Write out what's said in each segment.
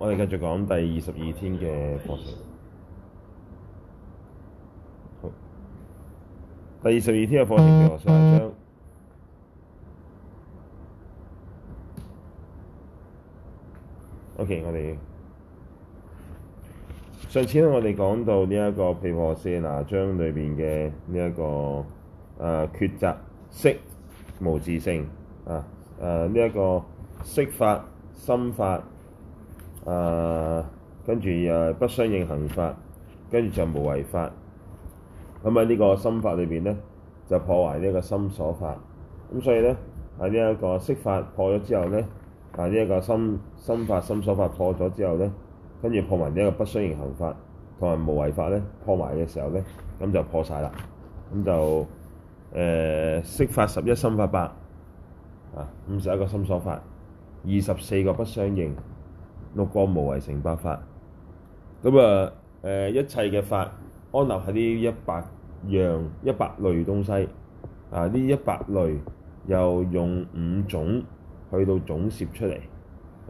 我哋繼續講第二十二天嘅課程。第二十二天嘅課程毗缽舍那章。OK，我哋上次咧、這個，我哋講到呢一個毗缽舍那章裏邊嘅呢一個誒抉擇色無自性啊誒呢一個色法心法。誒、啊、跟住誒、啊、不相應行法，跟住就無違法。咁喺呢個心法裏邊咧，就破壞呢一個心所法。咁、啊、所以咧喺呢一、啊這個色法破咗之後咧，喺呢一個心心法心所法破咗之後咧，跟住破壞呢一個不相應行法同埋無違法咧破壞嘅時候咧，咁、啊、就破晒啦。咁就誒色法十一心法八啊，五十一個心所法二十四個不相應。六個無為成百法，咁啊誒、呃、一切嘅法安立喺呢一百樣一百類東西，啊呢一百類又用五種去到總攝出嚟，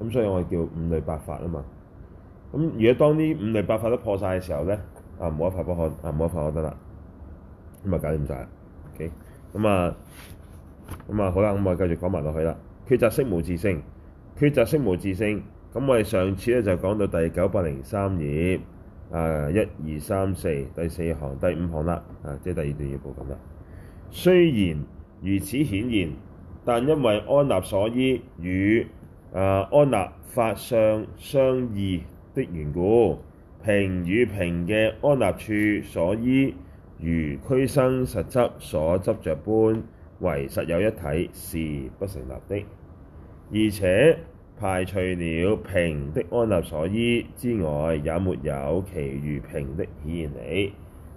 咁所以我哋叫五類百法啊嘛。咁如果當呢五類百法都破晒嘅時候咧，啊冇一法不可，啊可可、okay? 冇一法可得啦，咁咪搞掂晒啦。咁啊咁啊好啦，咁我繼續講埋落去啦。抉擇色無自性，抉擇色無自性。咁我哋上次咧就講到第九百零三頁，啊一二三四第四行第五行啦，啊即係第二段要報咁啦。雖然如此顯現，但因為安立所依與啊安立法相相異的緣故，瓶與瓶嘅安立處所依如俱生實執所執着般為實有一體是不成立的，而且。排除了瓶的安立所依之外，也沒有其餘瓶的顯現理。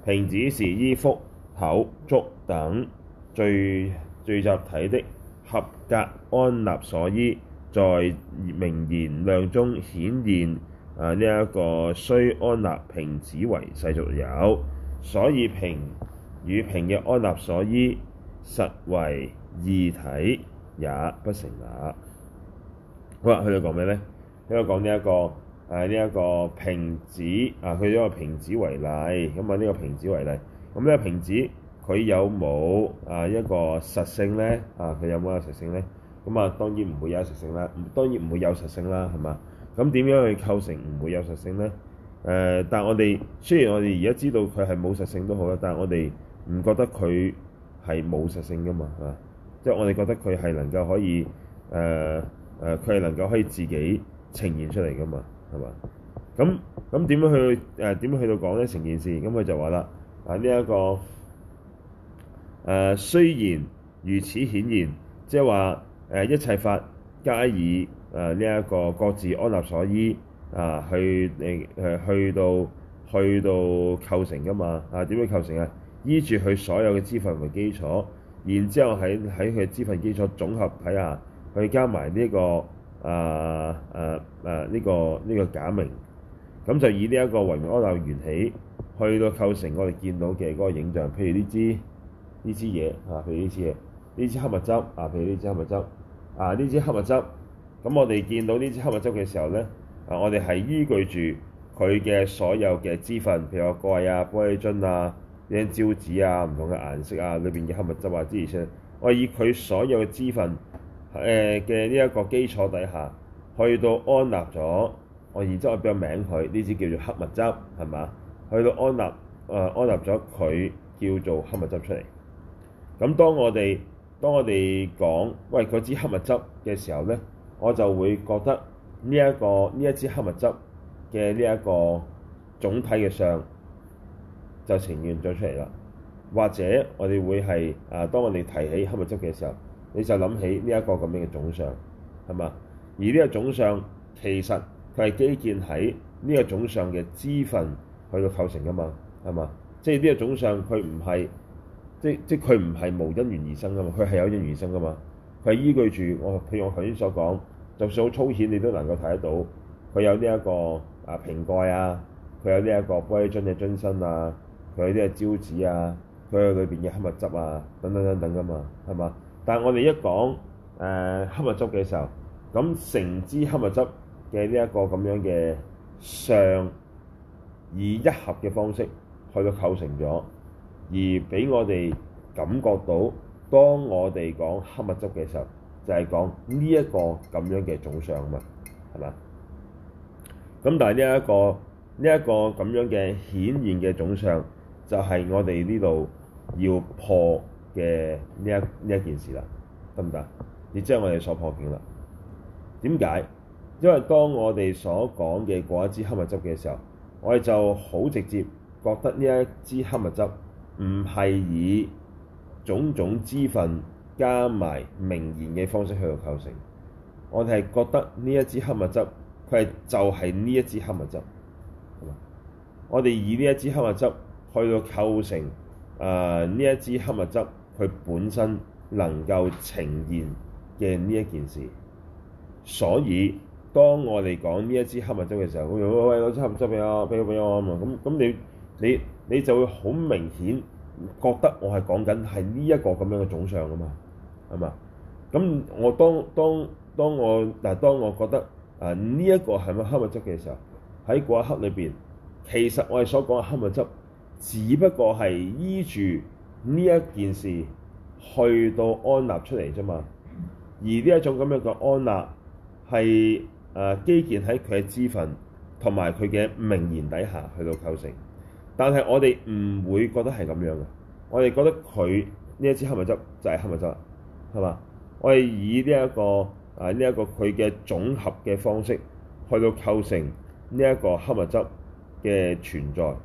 瓶只是依腹、口、足等聚聚集體的合格安立所依，在名言量中顯現啊呢一、這個須安立瓶子為世俗有，所以瓶與瓶嘅安立所依實為異體，也不成立。好啦，佢就講咩咧？因為講呢一個誒呢一個瓶子啊，佢以呢、啊呢個瓶子為例咁啊。呢個瓶子為例咁呢個瓶子，佢有冇啊一個實性咧？啊，佢有冇有實性咧？咁啊，當然唔會有實性啦，當然唔會有實性啦，係嘛？咁點樣去構成唔會有實性咧？誒、呃，但係我哋雖然我哋而家知道佢係冇實性都好啦，但係我哋唔覺得佢係冇實性噶嘛，係嘛？即、就、係、是、我哋覺得佢係能夠可以誒。呃誒佢係能夠可以自己呈現出嚟噶嘛，係嘛？咁咁點樣去誒點、呃、樣去到講咧成件事？咁、嗯、佢就話啦，啊呢一個誒雖然如此顯現，即係話誒一切法加以誒呢一個各自安立所依啊去誒誒、啊、去到去到構成噶嘛？啊點樣構成啊？依住佢所有嘅支分為基礎，然之後喺喺佢嘅支分基礎總合睇下。佢加埋呢一個啊啊啊呢個呢、這個假名，咁就以呢一個唯安立緣起去到構成我哋見到嘅嗰個影像。譬如呢支呢支嘢啊，譬如、啊、呢支嘢，呢支黑墨汁啊，譬如呢支黑墨汁啊，呢支黑墨汁。咁我哋見到呢支黑墨汁嘅時候咧，啊我哋係依據住佢嘅所有嘅支分，譬如話蓋啊、玻璃樽啊、啲膠紙啊、唔同嘅顏色啊、裏邊嘅黑墨汁啊，之餘先我以佢所有嘅支分，誒嘅呢一個基礎底下，去到安立咗，我而家我俾個名佢，呢支叫做黑麥汁，係嘛？去到安立，誒、呃、安立咗佢叫做黑麥汁出嚟。咁當我哋當我哋講，「喂嗰支黑麥汁」嘅時候咧，我就會覺得呢、這、一個呢一支黑麥汁嘅呢一個總體嘅相就呈現咗出嚟啦。或者我哋會係誒、呃，當我哋提起黑麥汁嘅時候。你就諗起呢一個咁樣嘅總相，係嘛？而呢個總相，其實佢係基建喺呢個總相嘅資份去到構成噶嘛，係嘛？即係呢個總相佢唔係，即係即係佢唔係無因緣而生噶嘛？佢係有因緣而生噶嘛？佢係依據住我，譬如我頭先所講，就算好粗淺，你都能夠睇得到佢有呢一個啊瓶蓋啊，佢有呢一個玻璃樽嘅樽身啊，佢有呢個招紙啊，佢有裏邊嘅黑物質啊，等等等等噶嘛，係嘛？但係我哋一講誒、呃、黑麥汁嘅時候，咁成支黑麥汁嘅呢一個咁樣嘅相以一合嘅方式去到構成咗，而俾我哋感覺到，當我哋講黑麥汁嘅時候，就係講呢一個咁樣嘅總相嘛，係嘛？咁但係呢一個呢一、呢個咁樣嘅顯現嘅總相，就係、係、我哋呢度要破嘅呢一呢一件事啦，得唔得？亦即係我哋所破境啦。點解？因為當我哋所講嘅嗰一支黑墨汁嘅時候，我哋就好直接覺得呢一支黑墨汁唔係以種種支分加埋名言嘅方式去，去到構成。我哋係覺得呢一支黑墨汁，佢係就係呢一支黑墨汁。我哋以呢一支黑墨汁去到構成啊，呢一支黑墨汁。佢本身能夠呈現嘅呢一件事，所以當我哋講呢一支黑墨汁嘅時候，喂喂喂，攞支黑墨汁俾我，俾我俾我啊嘛，咁咁你你你就會好明顯覺得我係講緊係呢一個咁樣嘅總相啊嘛，係嘛？咁我當當當我，但係當我覺得啊呢一個係咪黑墨汁嘅時候，喺嗰一刻裏邊，其實我哋所講嘅黑墨汁，只不過係依住呢一件事去到安立出嚟啫嘛，而呢一種咁樣嘅安立係誒基建喺佢嘅支分同埋佢嘅名言底下去到構成，但係我哋唔會覺得係咁樣嘅，我哋覺得佢呢一支黑麥汁就係黑麥汁，係嘛？我哋以呢、這、一個誒呢一個佢嘅總合嘅方式去到構成呢一個黑麥汁嘅存在。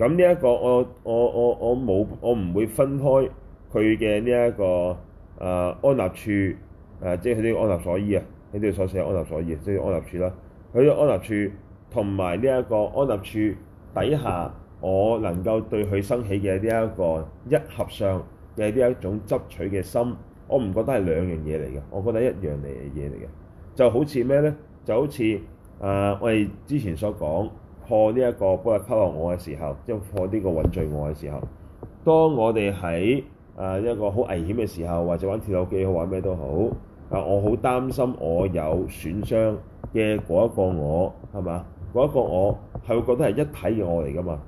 咁呢一個我我我我冇我唔會分開佢嘅呢一個誒、呃、安立處誒、呃，即係佢啲安立所依呀，呢度所寫安立所依，即係安立處啦。佢啲安立處同埋呢一個安立處底下，我能夠對佢生起嘅呢一個一合相嘅呢一種執取嘅心，我唔覺得係兩樣嘢嚟嘅，我覺得一樣嚟嘅嘢嚟嘅。就好似咩咧？就好似誒、呃，我哋之前所講。破呢、這、一個幫佢溝落我嘅時候，即係破呢個蘊聚我嘅時候。當我哋喺啊一個好危險嘅時候，或者玩跳樓機，好玩咩都好，啊我好擔心我有損傷嘅嗰一個我，係嘛？嗰一個我係會覺得係一體嘅我嚟㗎嘛。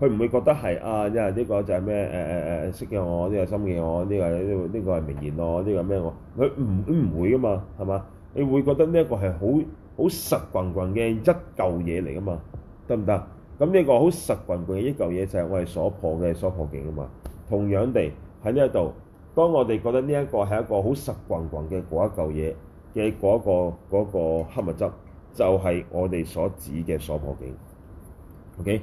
佢唔會覺得係啊，因為呢個就係咩誒誒誒識嘅我，呢個心嘅我，呢個呢個呢個係名言我，呢個咩我，佢唔唔會㗎嘛係嘛？你會覺得呢一個係好好實棍棍嘅一嚿嘢嚟㗎嘛？得唔得？咁呢個好實棍棍嘅一嚿嘢就係我哋所破嘅所破境啊嘛。同樣地喺呢一度，當我哋覺得呢一個係一個好實棍棍嘅嗰一嚿嘢嘅嗰一個嗰個黑物質，就係我哋所指嘅所破境。OK，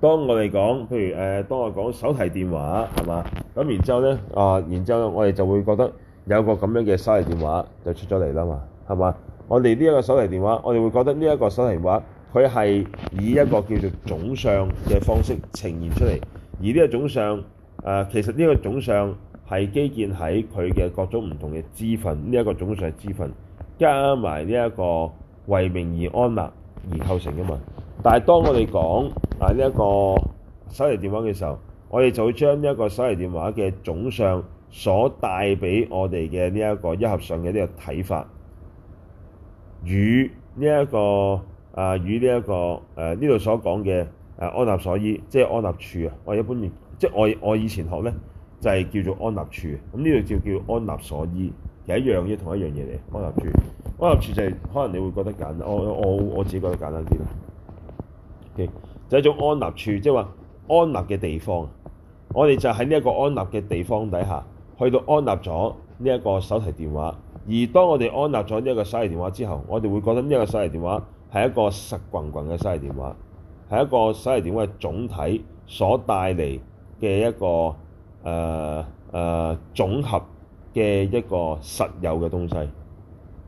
當我哋講，譬如誒、呃，當我講手提電話係嘛，咁然之後咧啊，然之後咧我哋就會覺得有個咁樣嘅手提電話就出咗嚟啦嘛，係嘛？我哋呢一個手提電話，我哋會覺得呢一個手提電話。佢係以一個叫做總相嘅方式呈現出嚟，而呢個總相，誒、呃、其實呢個總相係基建喺佢嘅各種唔同嘅支分，呢、這、一個總相係支分加埋呢一個唯名而安立而構成嘅嘛。但係當我哋講啊呢一、這個手提電話嘅時候，我哋就會將呢一個手提電話嘅總相所帶俾我哋嘅呢一個一合上嘅呢個睇法，與呢、這、一個。啊，與呢一個誒呢度所講嘅誒安立所依，即係安立處啊！我一般即係我我以前學咧就係叫做安立處。咁呢度叫叫安立所依，係一樣嘢，同一樣嘢嚟。安立處，安立處就係可能你會覺得簡單，我我我自己覺得簡單啲啦。O.K. 就係一種安立處，即係話安立嘅地方。我哋就喺呢一個安立嘅地方底下，去到安立咗呢一個手提電話。而當我哋安立咗呢一個手提電話之後，我哋會覺得呢個手提電話。係一個實棍棍嘅手提電話，係一個手提電話總體所帶嚟嘅一個誒誒、呃呃、總合嘅一個實有嘅東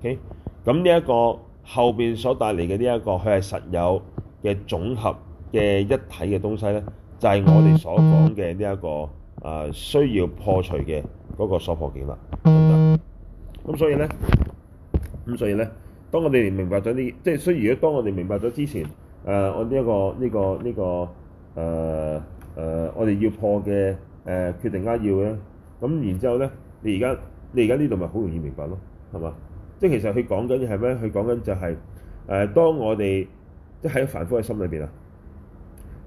西。咁呢一個後邊所帶嚟嘅呢一個，佢係實有嘅總合嘅一體嘅東西咧，就係、是、我哋所講嘅呢一個啊、呃、需要破除嘅嗰個所破點啦。咁所以咧，咁所以咧。當我哋明白咗呢，即係所以，如果當我哋明白咗之前，誒我呢一個呢、呢個呢個誒誒，我哋要破嘅誒、呃、決定壓要咧，咁、嗯、然之後咧，你而家你而家呢度咪好容易明白咯，係嘛？即係其實佢講緊嘅係咩？佢講緊就係誒，當我哋即係喺凡夫嘅心裏邊啊，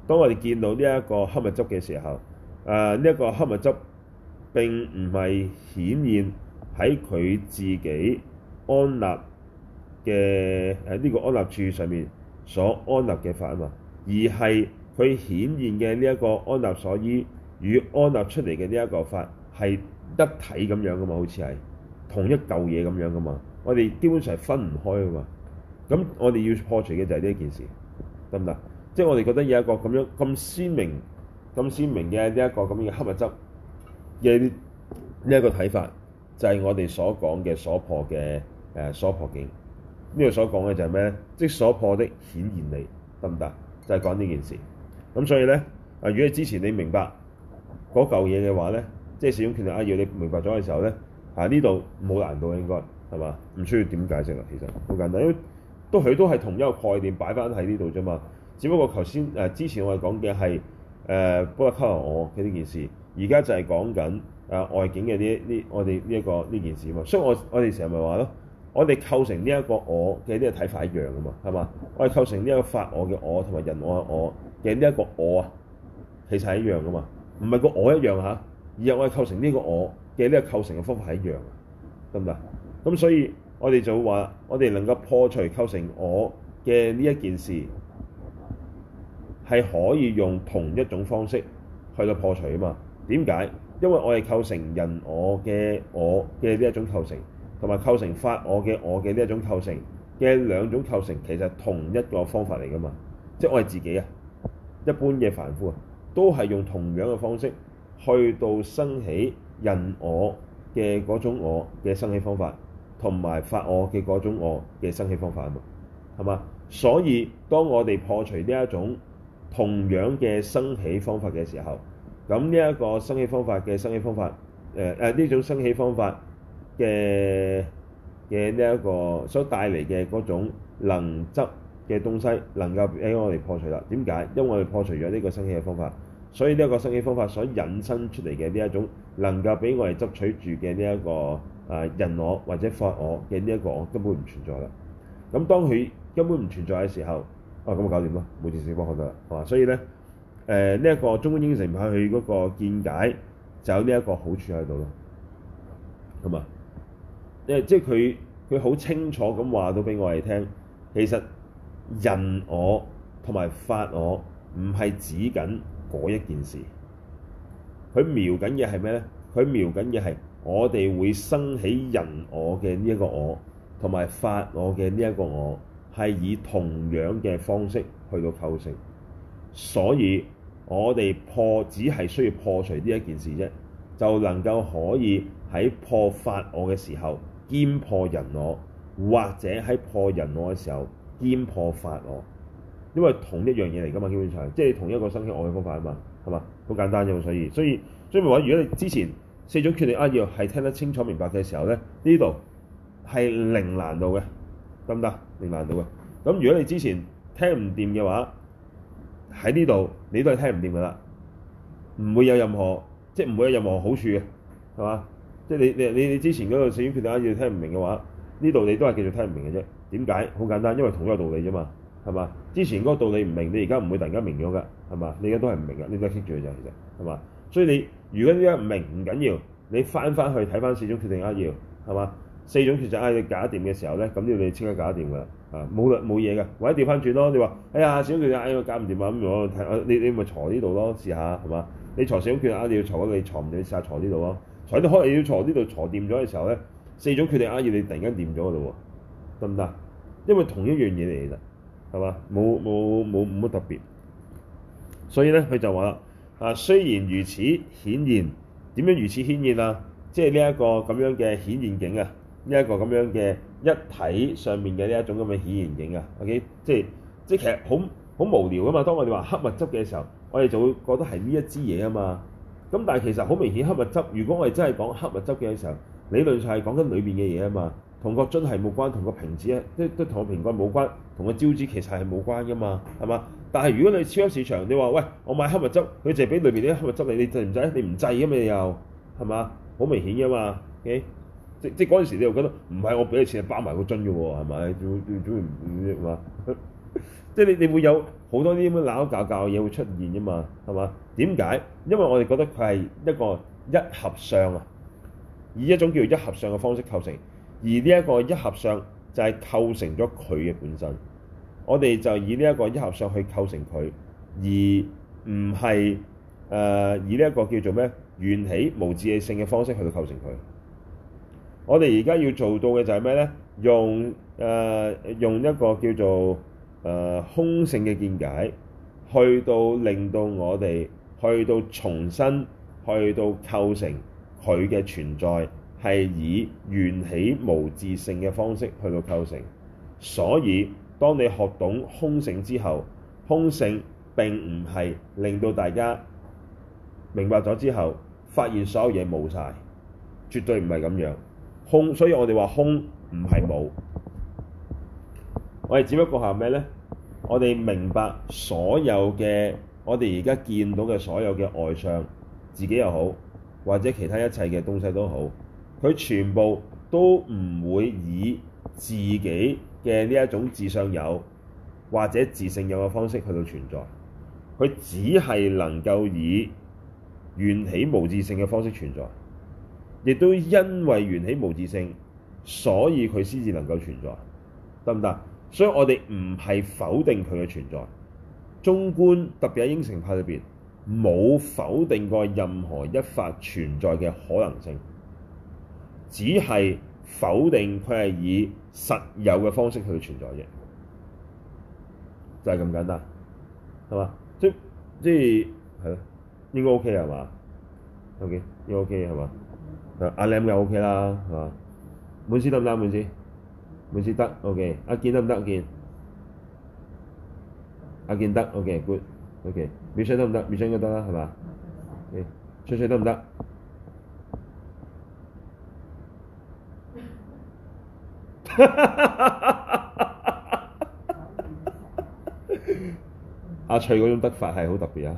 當我哋見到呢一個黑物質嘅時候，誒呢一個黑物質並唔係顯現喺佢自己安立。嘅，誒呢個安立處上面所安立嘅法啊嘛，而係佢顯現嘅呢一個安立所依與安立出嚟嘅呢一個法係一體咁樣噶嘛，好似係同一嚿嘢咁樣噶嘛。我哋基本上係分唔開噶嘛。咁我哋要破除嘅就係呢一件事，得唔得？即係我哋覺得有一個咁樣咁鮮明咁鮮明嘅呢一個咁樣嘅黑物質嘅呢一個睇法，就係、是、我哋所講嘅所破嘅誒、呃、所破境。呢度所講嘅就係咩？即所破的顯現你得唔得？就係、是、講呢件事。咁所以咧，啊，如果你之前你明白嗰嚿嘢嘅話咧，即使用權力啊，如你明白咗嘅時候咧，啊呢度冇難度應該係嘛？唔需要點解釋啊，其實好簡單，因為都佢都係同一個概念擺翻喺呢度啫嘛。只不過頭先誒之前我哋講嘅係誒布拉克羅嘅呢件事，而家就係講緊啊外景嘅呢呢我哋呢一個呢件事嘛。所以我我哋成日咪話咯。我哋構成呢一個我嘅呢個睇法一樣噶嘛，係嘛？我哋構成呢個法我嘅我同埋人我嘅我嘅呢一個我啊，其實係一樣噶嘛，唔係個我一樣吓，而係我哋構成呢個我嘅呢個構成嘅方法係一樣，得唔得？咁所以我哋就會話，我哋能夠破除構成我嘅呢一件事，係可以用同一種方式去到破除啊嘛？點解？因為我哋構成人我嘅我嘅呢一種構成。同埋構成法我嘅我嘅呢一種構成嘅兩種構成，其實同一個方法嚟㗎嘛？即係我係自己啊！一般嘅凡夫啊，都係用同樣嘅方式去到生起人我嘅嗰種我嘅生起方法，同埋法我嘅嗰種我嘅生起方法啊嘛？係嘛？所以當我哋破除呢一種同樣嘅生起方法嘅時候，咁呢一個生起方法嘅生起方法，誒誒呢種生起方法。嘅嘅呢一個所帶嚟嘅嗰種能執嘅東西，能夠俾我哋破除啦。點解？因為我哋破除咗呢個生起嘅方法，所以呢一個生起方法所引申出嚟嘅呢一種能夠俾我哋執取住嘅呢一個啊、呃、人我或者法我嘅呢一個根本唔存在啦。咁、嗯、當佢根本唔存在嘅時候，啊咁就搞掂啦，每次事都冇得啦。係嘛、哦？所以咧，誒呢一個中觀應成派佢嗰個見解就有呢一個好處喺度咯，係嘛？即係佢，佢好清楚咁話到俾我哋聽。其實人我同埋法我唔係指緊嗰一件事，佢描緊嘅係咩呢？佢描緊嘅係我哋會生起人我嘅呢一個我，同埋法我嘅呢一個我，係以同樣嘅方式去到構成。所以我哋破只係需要破除呢一件事啫，就能夠可以喺破法我嘅時候，兼破人我，或者喺破人我嘅時候兼破法我，因為同一樣嘢嚟噶嘛，基本上即係同一個身經嘅方法啊嘛，係嘛，好簡單啫嘛。所以，所以，所以話，如果你之前四種決定啊要係聽得清楚明白嘅時候咧，呢度係零難度嘅，得唔得？零難度嘅。咁如果你之前聽唔掂嘅話，喺呢度你都係聽唔掂噶啦，唔會有任何，即係唔會有任何好處嘅，係嘛？即係你你你你之前嗰個四種決定壓、啊、要聽唔明嘅話，呢道理都係繼續聽唔明嘅啫。點解？好簡單，因為同一個道理啫嘛，係嘛？之前嗰個道理唔明，你而家唔會突然間明咗㗎，係嘛？你，你而家都係唔明嘅，呢個識住嘅啫，其實係嘛？所以你如果而家唔明唔緊要，你翻翻去睇翻四種決定壓要係嘛？四種決定壓要搞掂嘅時候咧，咁呢度你即刻搞掂㗎啦。啊，冇冇嘢㗎，或者調翻轉咯。你話哎呀，四種決定壓我搞唔掂啊，咁我係、嗯、啊，你你咪鋤呢度咯，試下係嘛？你鋤四種決定壓你要鋤嘅，你鋤唔掂，你試下鋤呢度咯。喺你可能要坐呢度坐掂咗嘅時候咧，四種決定阿要你突然間掂咗嘅咯喎，得唔得？因為同一樣嘢嚟嘅，係嘛？冇冇冇冇乜特別，所以咧佢就話啦：啊，雖然如此顯現，點樣如此顯現啊？即係呢一個咁樣嘅顯現景啊，呢一個咁樣嘅一體上面嘅呢一種咁嘅顯現景啊。O.K.，即係即係其實好好無聊啊嘛！當我哋話黑物質嘅時候，我哋就會覺得係呢一支嘢啊嘛。咁但係其實好明顯，黑墨汁如果我哋真係講黑墨汁嘅時候，理論上係講緊裏邊嘅嘢啊嘛，同個樽係冇關，同個瓶子咧，都都同個瓶蓋冇關，同個招紙其實係冇關噶嘛，係嘛？但係如果你超級市場，你話喂，我買黑墨汁，佢淨係俾裏邊啲黑墨汁你，你制唔制？你唔制嘅嘛你又，係嘛？好明顯噶嘛，即即嗰陣時你又覺得唔係我俾你錢係包埋個樽嘅喎，係咪？最最最唔唔話。即係你你會有好多啲咁樣攪攪嘅嘢會出現吖嘛，係嘛？點解？因為我哋覺得佢係一個一合相啊，以一種叫做一合相嘅方式構成，而呢一個一合相就係構成咗佢嘅本身。我哋就以呢一個一合相去構成佢，而唔係誒以呢一個叫做咩緣起無自性嘅方式去到構成佢。我哋而家要做到嘅就係咩咧？用誒、呃、用一個叫做誒、uh, 空性嘅見解，去到令到我哋去到重新去到構成佢嘅存在，係以緣起無自性嘅方式去到構成。所以，當你學懂空性之後，空性並唔係令到大家明白咗之後發現所有嘢冇晒，絕對唔係咁樣。空，所以我哋話空唔係冇。我哋只不過係咩呢？我哋明白所有嘅，我哋而家見到嘅所有嘅外相，自己又好，或者其他一切嘅東西都好，佢全部都唔會以自己嘅呢一種自相有或者自性有嘅方式去到存在。佢只係能夠以緣起無自性嘅方式存在，亦都因為緣起無自性，所以佢先至能夠存在，得唔得？所以我哋唔係否定佢嘅存在，中觀特別喺應成派裏邊冇否定過任何一法存在嘅可能性，只係否定佢係以實有嘅方式去存在啫，就係咁簡單，係嘛？即即係咯，應該 OK 係嘛？OK，應該 OK 係嘛？阿 l e 又 OK 啦，係嘛？滿思得唔得啊？滿師？滿思每次得，OK，阿健得唔得？阿健，阿健得，OK，good，OK，Michelle、okay, okay. 得唔得，嗯？Michelle 都得啦，係嘛？誒，嗯嗯、翠翠得唔得？ 阿翠嗰種得法係好特別啊！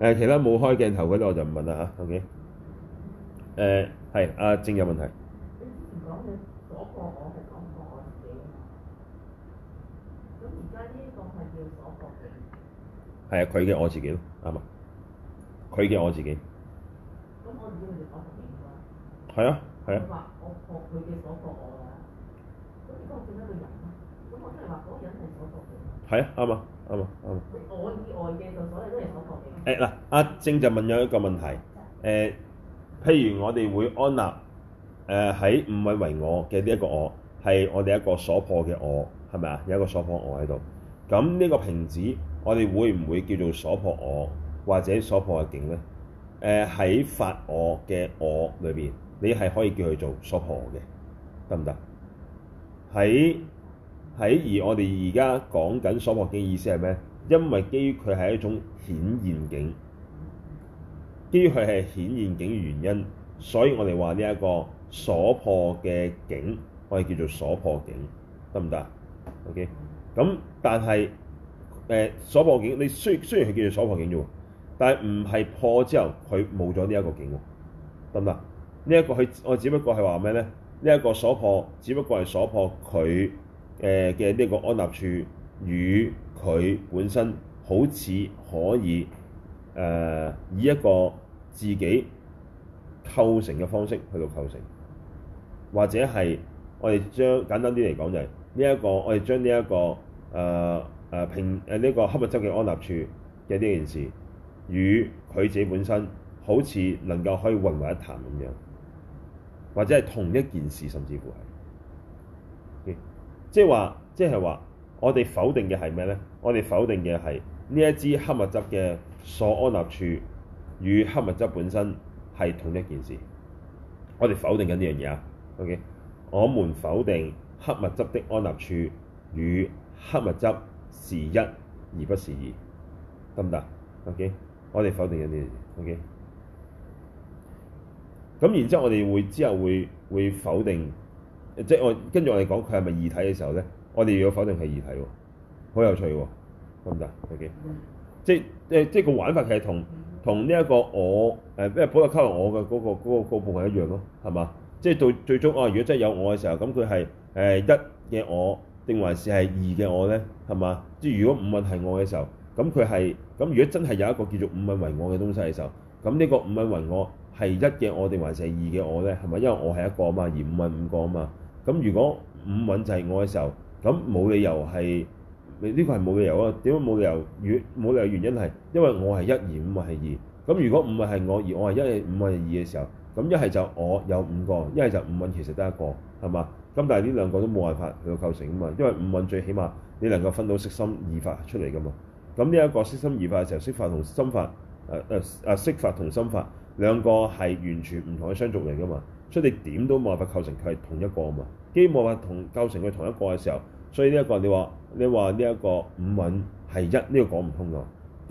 誒，其他冇開鏡頭嗰啲我就唔問啦吓，OK，呃。誒，係阿正有問題。我係講我自己嘛，咁而家呢個係叫所破境。係啊，佢嘅我自己咯，啱啊，佢嘅我自己。咁我而家咪所破境咯。係啊，係啊。你話我學佢嘅所破我啊，咁而家我變咗個人啦，咁我真係話嗰個人係所破境。係啊，啱啊，啱啊，啱啊。我以外嘅就所有都係所破境。誒嗱，阿正就問咗一個問題，誒，譬如我哋會安納。誒，喺唔係為我嘅呢一個我，係我哋一個所破嘅我係咪啊？有一個所破我喺度，咁呢個瓶子我哋會唔會叫做所破我或者所破嘅境咧？誒，喺法我嘅我裏邊，你係可以叫佢做所破嘅，得唔得？喺，喺而我哋而家講緊所破嘅意思係咩？因為基於佢係一種顯現境，基於佢係顯現境原因，所以我哋話呢一個。所破嘅境，我哋叫做所破境，得唔得？OK，咁但係誒、呃、所破境，你雖雖然係叫做所破境啫喎，但係唔係破之後佢冇咗呢一個境喎，得唔得？呢、這、一個佢我只不過係話咩咧？呢、這、一個所破，只不過係所破佢誒嘅呢一個安立處，與佢本身好似可以誒、呃、以一個自己構成嘅方式去到構成。或者係我哋將簡單啲嚟講，就係呢一個我哋將呢、這、一個誒誒、呃呃、平誒呢、呃這個黑物質嘅安立處嘅呢件事，與佢自己本身好似能夠可以混為一談咁樣，或者係同一件事，甚至乎係、嗯，即係話即係話，我哋否定嘅係咩咧？我哋否定嘅係呢一支黑物質嘅所安立處與黑物質本身係同一件事，我哋否定緊呢樣嘢啊！O.K.，我們否定黑物質的安立處與黑物質是一而不是二，得唔得？O.K.，我哋否定有啲嘢。O.K.，咁然之後我哋會之後會會否定，即係我跟住我哋講佢係咪異體嘅時候咧，我哋要否定係異體喎、哦，好有趣喎、哦，得唔得？O.K.，即係即係即係個玩法其實同同呢一個我誒即係補特伽羅我嘅嗰、那個嗰、那個那個那個部分一樣咯，係嘛？即係到最終，哦、啊，如果真係有我嘅時候，咁佢係誒一嘅我，定還是係二嘅我咧，係嘛？即係如果五蘊係我嘅時候，咁佢係咁。如果真係有一個叫做五蘊為我嘅東西嘅時候，咁呢個五蘊為我係一嘅我定還是係二嘅我咧？係咪？因為我係一個啊嘛，而五蘊五個啊嘛。咁如果五蘊就係我嘅時候，咁冇理由係呢、這個係冇理由啊？點解冇理由？原冇理由原因係因為我係一、而五蘊係二。咁如果五蘊係我而我係一、而二、五蘊係二嘅時候。咁一係就我有五個，一係就五蘊，其實得一個係嘛？咁但係呢兩個都冇辦法去到構成啊嘛，因為五蘊最起碼你能夠分到色心二法出嚟噶嘛。咁呢一個色心二法嘅時候，色法同心法，誒誒誒，色、啊、法同心法兩個係完全唔同嘅相續嚟噶嘛，所以你點都冇辦法構成佢係同一個啊嘛，既冇辦法同構成佢同一個嘅時候，所以呢一個你話你話呢一個五蘊係一呢、呢個講唔通㗎。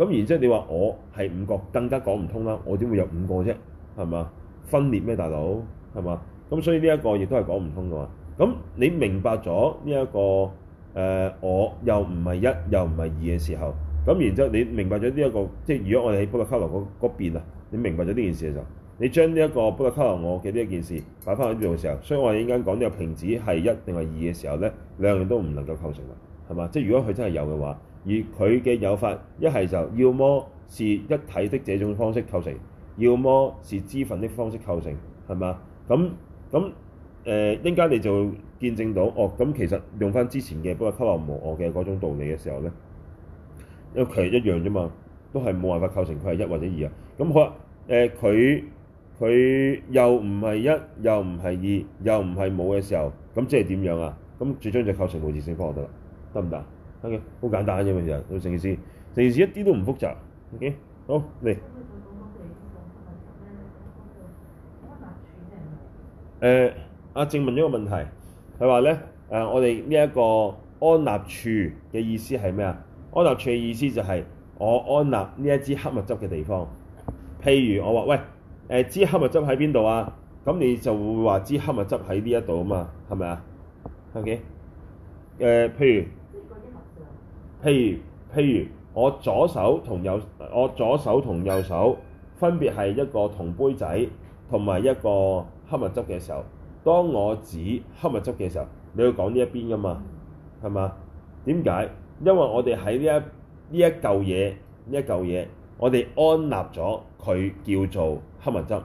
咁然之後你話我係五個，更加講唔通啦。我點會有五個啫？係嘛？分裂咩大佬係嘛？咁所以呢一個亦都係講唔通嘅嘛。咁你明白咗呢一個誒、呃，我又唔係一，又唔係二嘅時候，咁然之後你明白咗呢一個，即係如果我哋喺布拉卡羅嗰嗰邊啊，你明白咗呢件事嘅時候，你將呢一個布拉卡羅我嘅呢一件事擺翻喺度嘅時候，所以我哋依家講呢個瓶子係一定係二嘅時候咧，兩樣都唔能夠構成㗎，係嘛？即係如果佢真係有嘅話，而佢嘅有法一係就要麼是一體的這種方式構成。要麼是支分的方式構成，係嘛？咁咁誒，一陣間、呃、你就會見證到哦。咁、嗯、其實用翻之前嘅，補特伽羅無我嘅嗰種道理嘅時候咧，因為佢一樣啫嘛，都係冇辦法構成佢係一或者二啊。咁好啦，誒佢佢又唔係一，又唔係二，又唔係冇嘅時候，咁即係點樣啊？咁最終就構成無自性方程得啦，得唔得？OK，好簡單啫嘛，就成件事，成件事一啲都唔複雜。OK，好嚟。誒阿、呃啊、正問咗個問題，佢話咧誒我哋呢一個安納處嘅意思係咩啊？安納處嘅意思就係我安納呢一支黑墨汁嘅地方。譬如我話喂誒支、呃、黑墨汁喺邊度啊？咁你就會話支黑墨汁喺呢一度啊嘛，係咪啊？OK 誒、呃、譬如譬如譬如，譬如我左手同右我左手同右手分別係一個銅杯仔同埋一個。黑物質嘅時候，當我指黑物質嘅時候，你要講呢一邊噶嘛，係嘛？點解？因為我哋喺呢一呢一嚿嘢呢一嚿嘢，我哋安納咗佢叫做黑物質。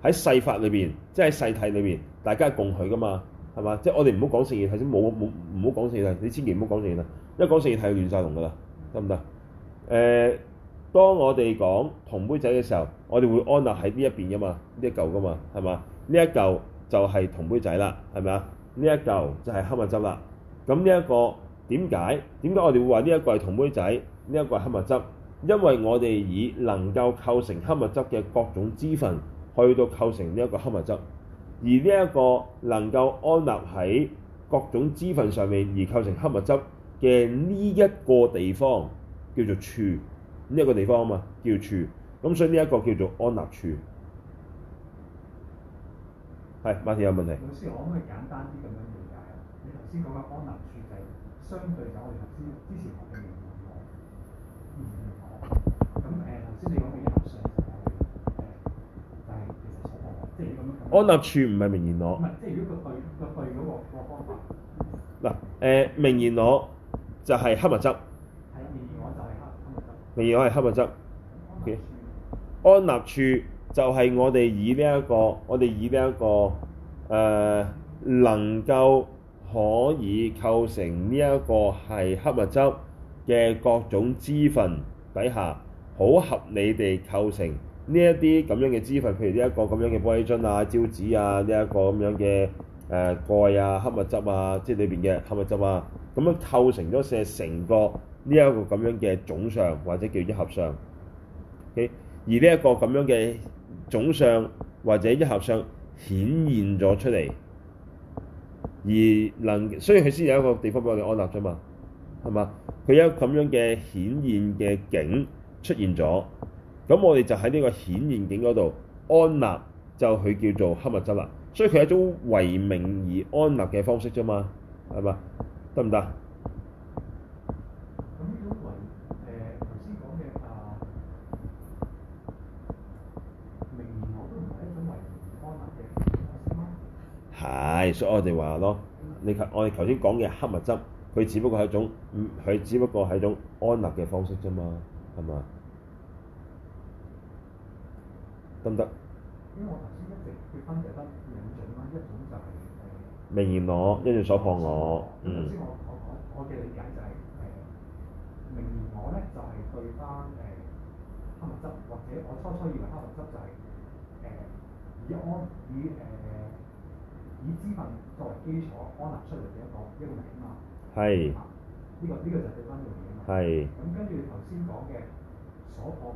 喺世法裏邊，即係世體裏邊，大家共許噶嘛，係嘛？即係我哋唔好講勝義諦，係先冇冇唔好講勝義諦，你千祈唔好講勝義諦啦，一講勝義諦係亂晒龍噶啦，得唔得？誒、呃。當我哋講銅杯仔嘅時候，我哋會安立喺呢一邊噶嘛？呢一嚿噶嘛，係嘛？呢一嚿就係銅杯仔啦，係咪啊？呢一嚿就係黑麥汁啦。咁呢一個點解？點解我哋會話呢一個係銅杯仔，呢一個係黑麥汁？因為我哋以能夠構成黑麥汁嘅各種支分去到構成呢一個黑麥汁，而呢一個能夠安立喺各種支分上面而構成黑麥汁嘅呢一個地方叫做處。呢一個地方啊嘛，叫處，咁所以呢一個叫做安立處，係馬田有問題。老師，我可以簡單啲咁樣理解啊？你頭先講嘅安立處係相對咗我哋知之前學嘅名言安立處唔係名言攞？唔係，即係如果佢對佢對嗰個方法。嗱，誒，名言攞，言言言言言就係黑物質。第二個係黑物質、okay。安立處就係我哋以呢、這、一個，我哋以呢、這、一個誒、呃、能夠可以構成呢一個係黑物質嘅各種支分底下，好合理地構成呢一啲咁樣嘅支分，譬如呢一個咁樣嘅玻璃樽啊、焦子啊、呢、這、一個咁樣嘅誒、呃、蓋啊、黑物質啊，即係裏邊嘅黑物質啊，咁樣構成咗成成個。呢一個咁樣嘅總相或者叫一合相，而呢一個咁樣嘅總相或者一合相顯現咗出嚟，而能所以佢先有一個地方俾我哋安立啫嘛，係嘛？佢有咁樣嘅顯現嘅境出現咗，咁我哋就喺呢個顯現境嗰度安立，就佢叫做黑物質啦。所以佢係一種唯名而安立嘅方式啫嘛，係嘛？得唔得？係，所以我哋話咯，你頭我哋頭先講嘅黑物質，佢只不過係一種，佢只不過係一種安立嘅方式啫嘛，係嘛？得唔得？因為我頭先一直對翻入得兩種啦，一種就係誒名言我，一種所破我。頭、嗯、先我我嘅理解就係誒名言我咧，就係、是、對翻誒、呃、黑物質，或者我初初以為黑物質就係、是、誒、呃、以安以誒。呃以支分作為基礎，安立出嚟嘅一個一個名嘛。係。呢個呢個就對翻一樣嘢嘛。係。咁跟住頭先講嘅所破我，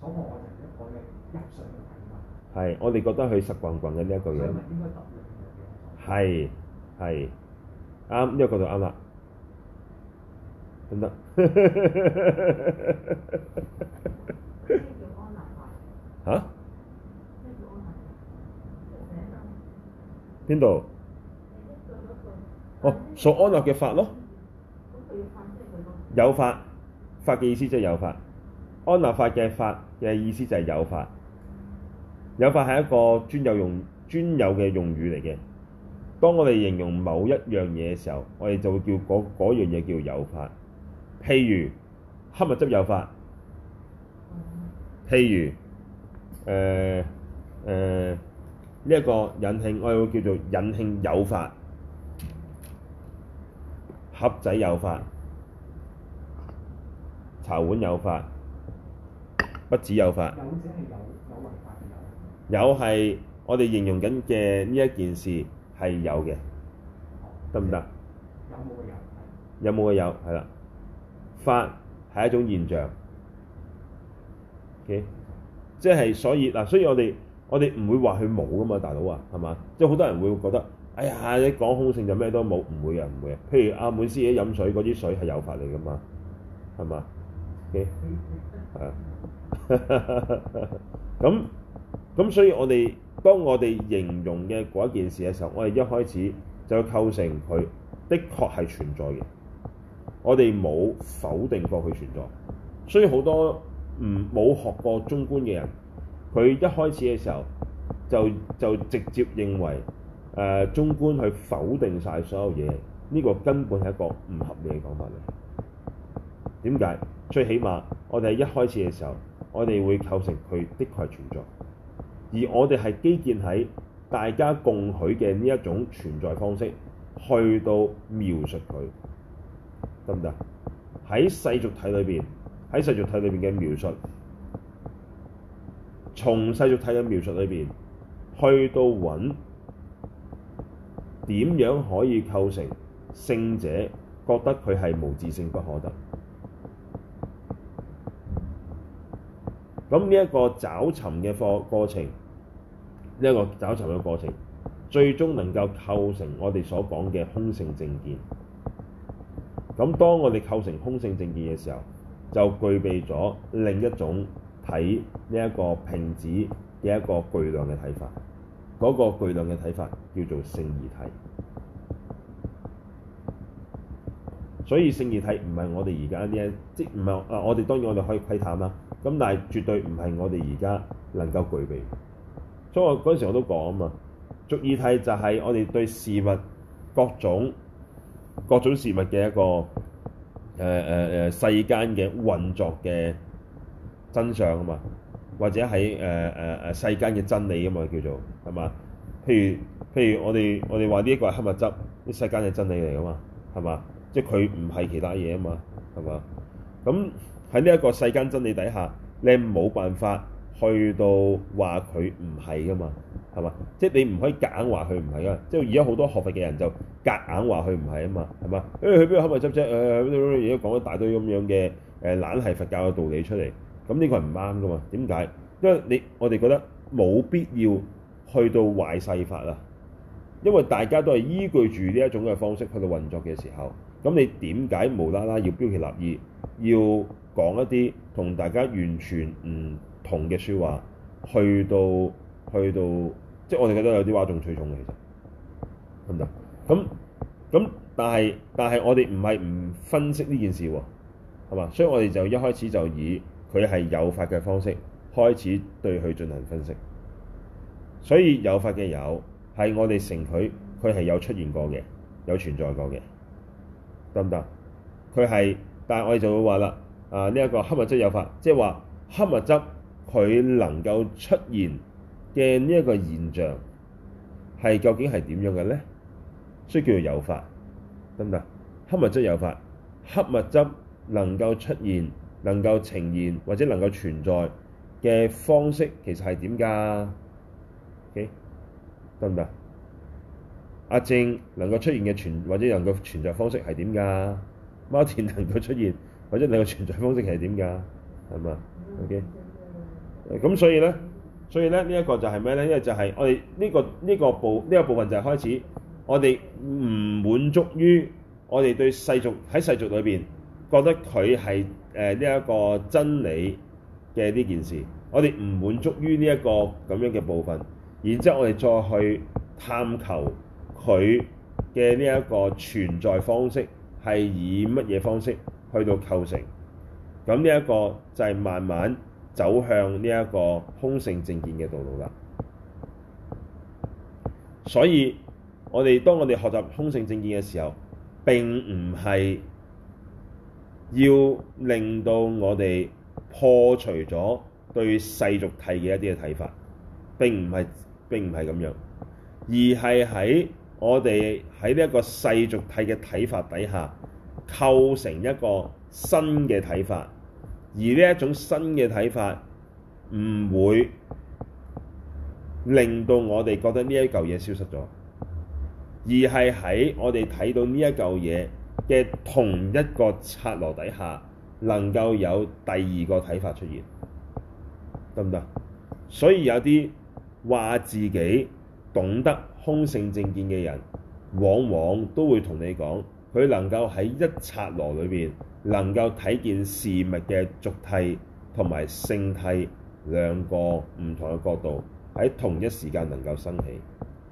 所破我嘅一個嘅日常嘅體物。係，我哋覺得佢實棍棍嘅呢一個樣。應該揼兩樣嘢。係，係。啱，呢個就啱啦。得唔得？啊？邊度？哦，屬安立嘅法咯，有法，法嘅意思即係有法，安立法嘅法嘅意思就係有法，有法係一個專有用、專有嘅用語嚟嘅。當我哋形容某一樣嘢嘅時候，我哋就會叫嗰樣嘢叫有法。譬如黑蜜汁有法，譬如誒誒。呃呃呢一個引磬，我哋會叫做引磬有法，盒仔有法，茶碗有法，瓶子有法。有係我哋形容緊嘅呢一件事係有嘅，得唔得？有冇嘅有，有冇嘅有，係啦。法係一種現象。OK，即係所以嗱，所以我哋。我哋唔會話佢冇噶嘛，大佬啊，係嘛？即係好多人會覺得，哎呀，你講空性就咩都冇，唔會啊，唔會啊。譬如阿滿師姐飲水嗰啲水係有法嚟噶嘛，係嘛？O K，係啊。咁、okay. 咁， 所以我哋當我哋形容嘅嗰一件事嘅時候，我哋一開始就構成佢的確係存在嘅。我哋冇否定過佢存在，所以好多唔冇學過中觀嘅人。佢一開始嘅時候就就直接認為誒、呃、中觀去否定晒所有嘢，呢個根本係一個唔合理嘅講法嚟。點解？最起碼我哋一開始嘅時候，我哋會構成佢的確存在，而我哋係基建喺大家共許嘅呢一種存在方式去到描述佢得唔得？喺世俗體裏邊，喺世俗體裏邊嘅描述。從世俗體嘅描述裏邊去到揾點樣可以構成聖者覺得佢係無自性不可得。咁呢一個找尋嘅過過程，呢、這、一個找尋嘅過程，最終能夠構成我哋所講嘅空性證見。咁當我哋構成空性證見嘅時候，就具備咗另一種。睇呢一個瓶子嘅一個巨量嘅睇法，嗰、那個巨量嘅睇法叫做勝義諦。所以勝義諦唔係我哋而家啲，即唔係啊！我哋當然我哋可以窺探啦，咁但係絕對唔係我哋而家能夠具備。所以我嗰陣時我都講啊嘛，俗義諦就係我哋對事物各種各種事物嘅一個誒誒誒世間嘅運作嘅真相啊嘛，或者喺誒誒誒世間嘅真理啊嘛叫做係嘛？譬如譬如我哋我哋話呢一個係黑物汁，啲世間嘅真理嚟啊嘛，係嘛？即係佢唔係其他嘢啊嘛，係嘛？咁喺呢一個世間真理底下，你冇辦法去到話佢唔係噶嘛，係嘛？即係你唔可以夾硬話佢唔係噶，即係而家好多學佛嘅人就夾硬話佢唔係啊嘛，係嘛？誒佢邊個黑物汁啫？誒而家講一大堆咁樣嘅誒、呃、懶係佛教嘅道理出嚟。咁呢個係唔啱噶嘛？點解？因為你我哋覺得冇必要去到壞世法啊。因為大家都係依據住呢一種嘅方式去到運作嘅時候，咁你點解無啦啦要標奇立異，要講一啲同大家完全唔同嘅説話，去到去到即係我哋覺得有啲嘩眾取寵嘅，其實唔得。咁咁，但係但係我哋唔係唔分析呢件事喎，係嘛？所以我哋就一開始就以。佢係有法嘅方式開始對佢進行分析，所以有法嘅有係我哋承許佢。佢係有出現過嘅，有存在過嘅，得唔得？佢係，但係我哋就會話啦，啊呢一個黑物質有法，即係話黑物質佢能夠出現嘅呢一個現象係究竟係點樣嘅咧？所以叫做有法，得唔得？黑物質有法，黑物質能夠出現。能夠呈現或者能夠存在嘅方式，其實係點㗎？OK，得唔得？阿正能夠出現嘅存或者能夠存在方式係點㗎？貓田能夠出現或者能夠存在方式係點㗎？係嘛？OK，咁所以咧，所以咧，呢一個就係咩咧？因為就係我哋呢個呢個部呢個部分就係開始，我哋唔滿足於我哋對世俗喺世俗裏邊覺得佢係。誒呢一個真理嘅呢件事，我哋唔滿足於呢一個咁樣嘅部分，然之後我哋再去探求佢嘅呢一個存在方式係以乜嘢方式去到構成，咁呢一個就係慢慢走向呢一個空性正見嘅道路啦。所以我哋當我哋學習空性正見嘅時候，並唔係。要令到我哋破除咗對世俗體嘅一啲嘅睇法，並唔係，並唔係咁樣，而係喺我哋喺呢一個世俗體嘅睇法底下，構成一個新嘅睇法，而呢一種新嘅睇法唔會令到我哋覺得呢一嚿嘢消失咗，而係喺我哋睇到呢一嚿嘢嘅同一個剎那底下，能夠有第二個睇法出現，得唔得？所以有啲話自己懂得空性正見嘅人，往往都會同你講，佢能夠喺一剎那裏邊，能夠睇見事物嘅俗諦同埋勝諦兩個唔同嘅角度喺同一時間能夠生起。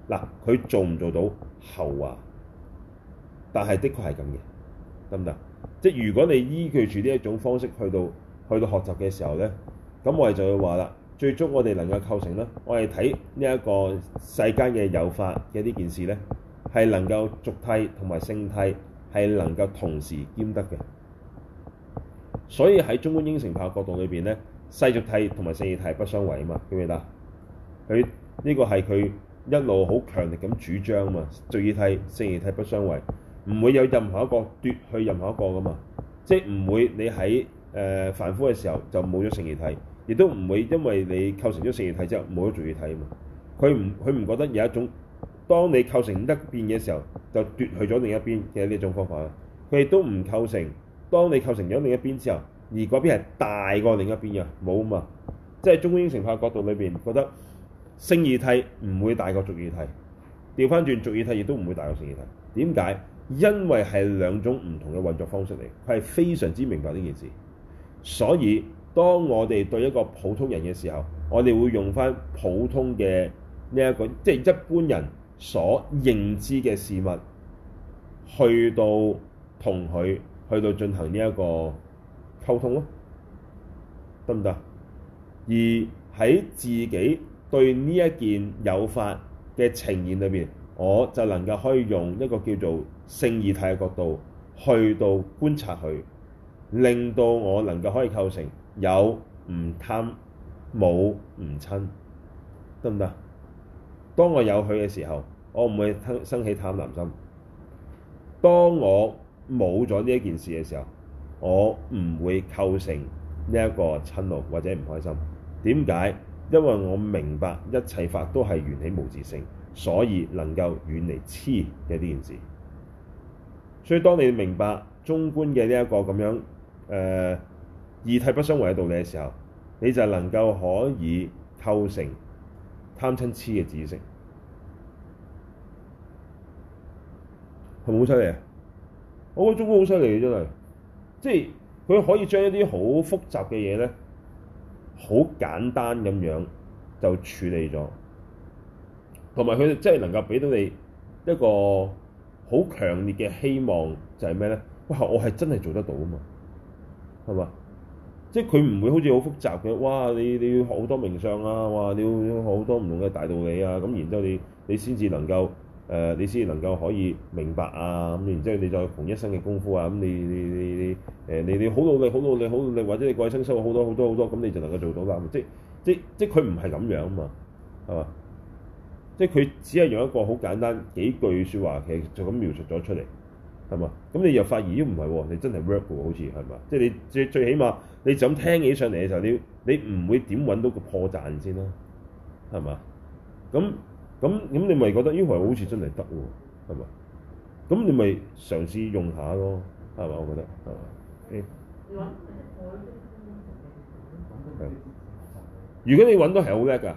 嗱，佢做唔做到後話？但係的確係咁嘅，得唔得？即係如果你依據住呢一種方式去到去到學習嘅時候咧，咁我哋就會話啦，最終我哋能夠構成咧，我哋睇呢一個世間嘅有法嘅呢件事咧，係能夠俗諦同埋勝諦係能夠同時兼得嘅。所以喺中觀應成派角度裏邊咧，世俗諦同埋勝義諦不相違啊嘛，記唔記得？佢呢、這個係佢一路好強力咁主張啊嘛，俗義諦、勝義諦不相違。唔會有任何一個奪去任何一個噶嘛，即係唔會你喺誒、呃、凡夫嘅時候就冇咗勝義體，亦都唔會因為你構成咗勝義體之後冇咗俗義體啊嘛。佢唔佢唔覺得有一種，當你構成得一邊嘅時候，就奪去咗另一邊嘅呢種方法。佢亦都唔構成，當你構成咗另一邊之後，而嗰邊係大過另一邊嘅，冇啊嘛。即係中觀應成派角度裏邊覺得，勝義體唔會大過俗義體，調翻轉俗義體亦都唔會大過勝義體。點解？因為係兩種唔同嘅運作方式嚟，佢係非常之明白呢件事。所以當我哋對一個普通人嘅時候，我哋會用返普通嘅呢一個，即係一般人所認知嘅事物，去到同佢去到進行呢一個溝通咯，得唔得？而喺自己對呢一件有法嘅呈現裏面，我就能夠可以用一個叫做性義體嘅角度去到觀察佢，令到我能夠可以構成有唔貪，冇唔瞋，得唔得？當我有佢嘅時候，我唔會生起貪婪心；當我冇咗呢一件事嘅時候，我唔會構成呢一個瞋怒或者唔開心。點解？因為我明白一切法都係緣起無自性，所以能夠遠離痴嘅呢件事。所以當你明白中觀嘅呢一個咁樣誒異體不相違嘅道理嘅時候，你就能夠可以構成貪嗔痴嘅知識，係咪好犀利啊？我覺得中觀好犀利嘅真係，即係佢可以將一啲好複雜嘅嘢咧，好簡單咁樣就處理咗，同埋佢真係能夠俾到你一個。好強烈嘅希望就係咩咧？哇！我係真係做得到啊嘛，係嘛？即係佢唔會好似好複雜嘅，哇！你你要學好多名相啊，哇！你要學好多唔同嘅大道理啊，咁然之後你你先至能夠誒，你先至能夠、呃、可以明白啊，咁然之後你再窮一生嘅功夫啊，咁你你你你誒你你好努力，好努力，好努力，或者你怪生修好多好多好多，咁你就能夠做到啦。即係即係即係佢唔係咁樣啊嘛，係嘛？即係佢只係用一個好簡單幾句説話，其實就咁描述咗出嚟，係嘛？咁你又發現咦，唔係喎，你真係 work 喎，好似係嘛？即係你最最起碼，你就咁聽起上嚟嘅時候，你你唔會點揾到個破綻先啦，啊，係嘛？咁咁咁，你咪覺得咦，喂好似真係得喎，係嘛？咁你咪嘗試用下咯，係嘛？我覺得係嘛，哎？如果你揾到係好叻㗎。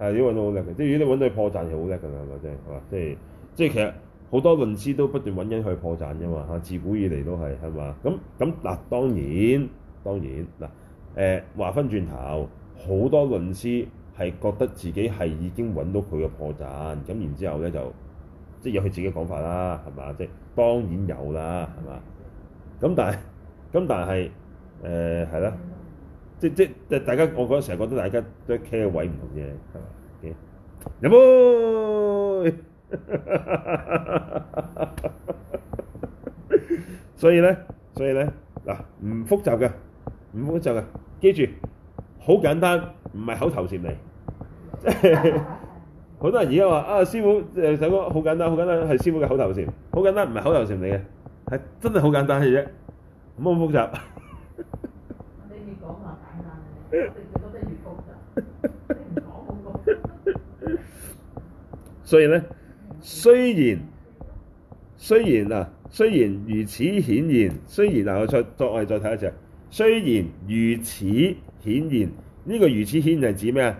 係，你揾到好叻嘅，即係如果你揾到破綻係好叻嘅啦，係咪先？係嘛，即係即係其實好多論師都不斷揾緊佢破綻啫嘛嚇，自古以嚟都係，係嘛？咁咁嗱，當然當然嗱，誒、呃、話返轉頭，好多論師係覺得自己係已經揾到佢個破綻，咁然之後咧就即係有佢自己嘅講法啦，係嘛？即係當然有啦，係嘛？咁但係咁但係誒係啦。呃即即即係大家，我覺得成日覺得大家都係企嘅位唔同嘅。係嘛？嘅，有 冇，所以咧，所以咧，嗱，唔複雜嘅，唔複雜嘅，記住，好簡單，唔係口頭禪嚟。好 多人而家話啊，師傅誒首歌好簡單，好簡單係師傅嘅口頭禪，好簡單唔係口頭禪嚟嘅，係真係好簡單嘅啫，唔好複，複雜。 所以咧，雖然雖然啊，雖然如此顯現，雖然嗱我再我再我哋再睇一隻，雖然如此顯現，呢、這個如此顯現係指咩啊？